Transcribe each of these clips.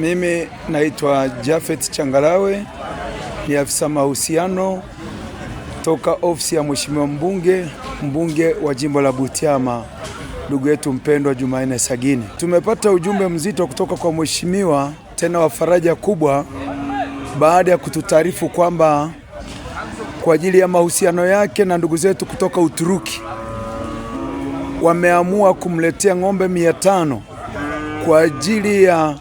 Mimi naitwa Jafet Changalawe, ni afisa mahusiano toka ofisi ya mheshimiwa mbunge, mbunge wa jimbo la Butiama, ndugu yetu mpendwa Jumanne Sagini. Tumepata ujumbe mzito kutoka kwa mheshimiwa, tena wa faraja kubwa, baada ya kututaarifu kwamba kwa ajili ya mahusiano yake na ndugu zetu kutoka Uturuki wameamua kumletea ng'ombe mia tano kwa ajili ya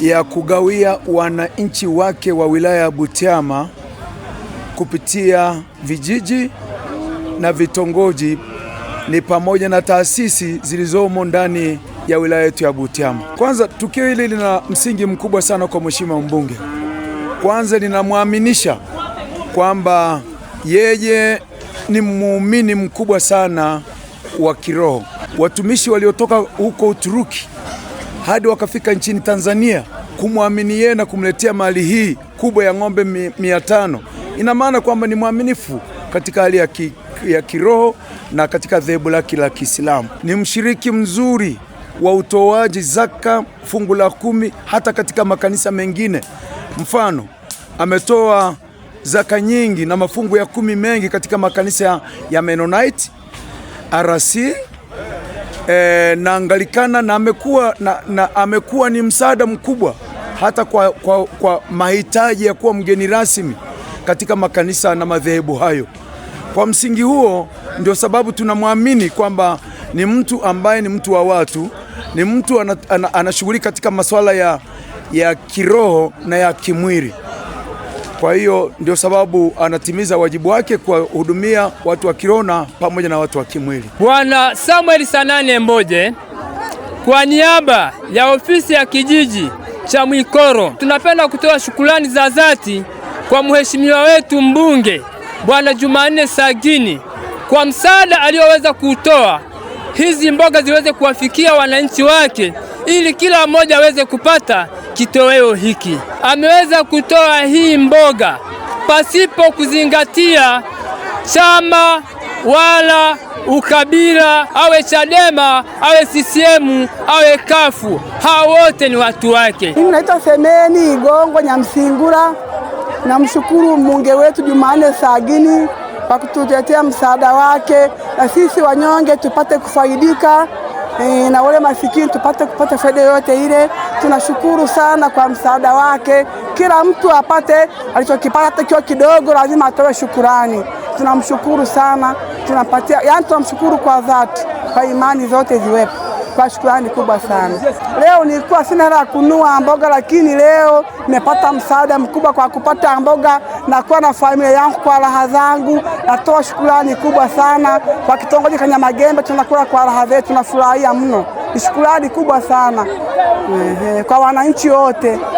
ya kugawia wananchi wake wa wilaya ya Butiama kupitia vijiji na vitongoji ni pamoja na taasisi zilizomo ndani ya wilaya yetu ya Butiama. Kwanza, tukio hili lina msingi mkubwa sana kwa mheshimiwa mbunge. Kwanza, linamwaminisha kwamba yeye ni muumini mkubwa sana wa kiroho. Watumishi waliotoka huko Uturuki hadi wakafika nchini Tanzania kumwamini yeye na kumletea mali hii kubwa ya ng'ombe mia tano. Ina maana kwamba ni mwaminifu katika hali ya, ki, ya kiroho na katika dhehebu lake la Kiislamu. Ni mshiriki mzuri wa utoaji zaka, fungu la kumi, hata katika makanisa mengine. Mfano, ametoa zaka nyingi na mafungu ya kumi mengi katika makanisa ya Mennonite, RC e, eh, na Anglikana na amekuwa na, na amekuwa ni msaada mkubwa hata kwa, kwa, kwa mahitaji ya kuwa mgeni rasmi katika makanisa na madhehebu hayo. Kwa msingi huo ndio sababu tunamwamini kwamba ni mtu ambaye ni mtu wa watu, ni mtu anashughulika katika masuala ya, ya kiroho na ya kimwili. Kwa hiyo ndio sababu anatimiza wajibu wake kuwahudumia watu wa Kirona pamoja na watu wa kimwili. Bwana Samuel Sanane Mboje, kwa niaba ya ofisi ya kijiji cha Mwikoro tunapenda kutoa shukrani za dhati kwa mheshimiwa wetu mbunge Bwana Jumanne Sagini kwa msaada aliyoweza kutoa hizi mboga ziweze kuwafikia wananchi wake ili kila mmoja aweze kupata kitoweo hiki. Ameweza kutoa hii mboga pasipo kuzingatia chama wala ukabila, awe Chadema awe CCM awe kafu, hao wote ni watu wake. Mimi naitwa Semeni Igongo Nyamsingura. Namshukuru mbunge wetu Jumanne Sagini kwa kututetea msaada wake, na sisi wanyonge tupate kufaidika e, na wale masikini tupate kupata faida yoyote ile. Tunashukuru sana kwa msaada wake, kila mtu apate alichokipata, hata kiwa kidogo lazima atoe shukurani. Tunamshukuru sana, tunapatia yani tunamshukuru kwa dhati, kwa imani zote ziwepo kwa shukrani kubwa sana. Leo nilikuwa sina hela ya kununua mboga, lakini leo nimepata msaada mkubwa kwa kupata mboga na kuwa na familia yangu kwa raha zangu. Natoa shukrani kubwa sana kwa kitongoji Kanyamagembe, tunakula kwa raha zetu, tunafurahia mno. Ni shukrani kubwa sana ehe, kwa wananchi wote.